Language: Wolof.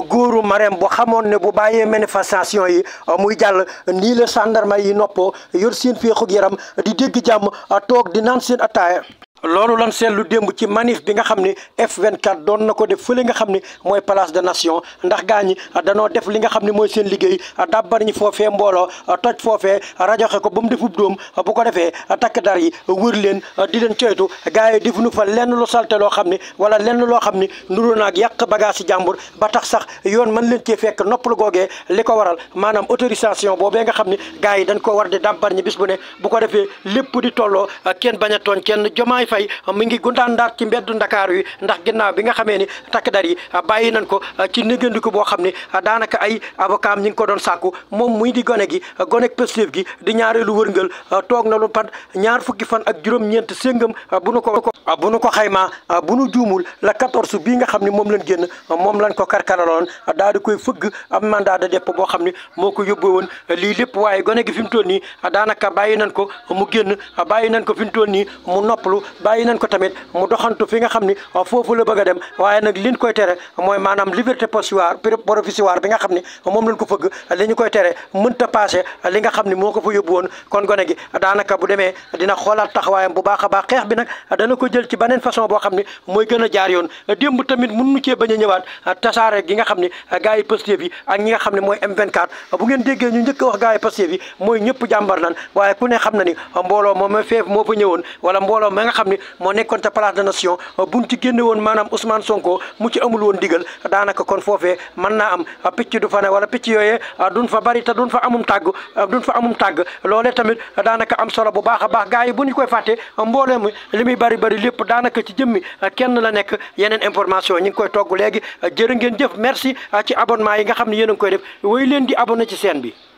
góoru Marème bu xamoon ne bu bàyyee manifestation yi euh, muy jàll nii la gendarme yi noppoo yor seen féexug yaram di dégg jàmm euh, toog di naan seen ataaya loolu lan seetlu démb ci manif bi nga xam ni F24 doon na ko def fële nga xam ni mooy place de nation ndax gaa ñi danoo def li nga xam ni mooy seen liggéey dàbbar ñi foofee mbooloo toj foofee rajoxe ko ba mu defub dóom bu ko defee takk dar yi wër leen di leen coytu gaa yi defuñu fa lenn lu salte loo xam ni wala lenn loo xam ni nuru naag yàq bagage jàmbur ba tax sax yoon mën leen cee fekk noppalu googee li ko waral maanaam autorisation boobee nga xam ni gaa yi dañ ko war di dàbbar ñi bu ne bu ko defee lépp di tolloo kenn bañ a tooñ kenn jomaay Faye mu ngi gundaan ndaat ci mbeddu Ndakaaru yi ndax ginnaaw bi nga xamee ni takk dar yi ah, bàyyi nañ ko ah, ci négandiku boo xam ne ah, daanaka ay avocat am ñi ngi ko doon sàkku moom mu di gone gi gone Pastef gi di ñaareelu wërngël toog na lu pat ñaar fukki fan ak juróom-ñeent séngam bu nu ko bu nu ko xaymaa bu nu juumul la su bi nga xam ne moom lañ génn moom lañ ko karkaraloon daal di koy fëgg am mandat de dépôt boo xam ne moo ko yóbbu woon lii lépp waaye gone gi fi mu toll nii daanaka bàyyi nañ ko bàyyi nañ ko tamit mu doxantu fi nga xam ni foofu la bëgg a dem waaye nag liñ koy tere mooy maanaam liberté provisoire provisoire bi nga xam ni moom lañ ko fëgg li ñu koy tere mënta passé li nga xam ni moo ko fa yóbbu woon kon gone daanaka bu demee dina xoolaat taxawaayam bu baax a baax bi nag dana ko jël ci beneen façon boo xam ni mooy gën a jaar yoon démb tamit mënuñu cee a ñëwaat tasaare gi nga xam ni gars yi Pastef yi ak ñi xam ne mooy M24 bu ngeen déggee ñu a wax gars yi Pastef yi ñëpp jàmbar lan waaye ku ne xam na ni mbooloo moom ma feef moo fa ñëwoon wala mbooloo ma nga xam moo nekkoon ca place de nation buñ ci génne woon maanaam Ousmane Sonko mu ci amul woon digal daanaka kon foofee mën naa am ah, picc du fa ne wala picc yooyee ah, duñ fa bari te duñ fa amum tàgg ah, duñ fa amum tàgg loole tamit daanaka am solo bu baax a baax gars yi bu ñu koy fàttee mboolee mi li muy bari bari lépp daanaka ci jëmmi kenn la nekk yeneen information ñu ngi koy togg léegi jërë ngeen jëf merci ci abonnement yi nga xam ne yéen a koy def woy leen di abonné ci seen bi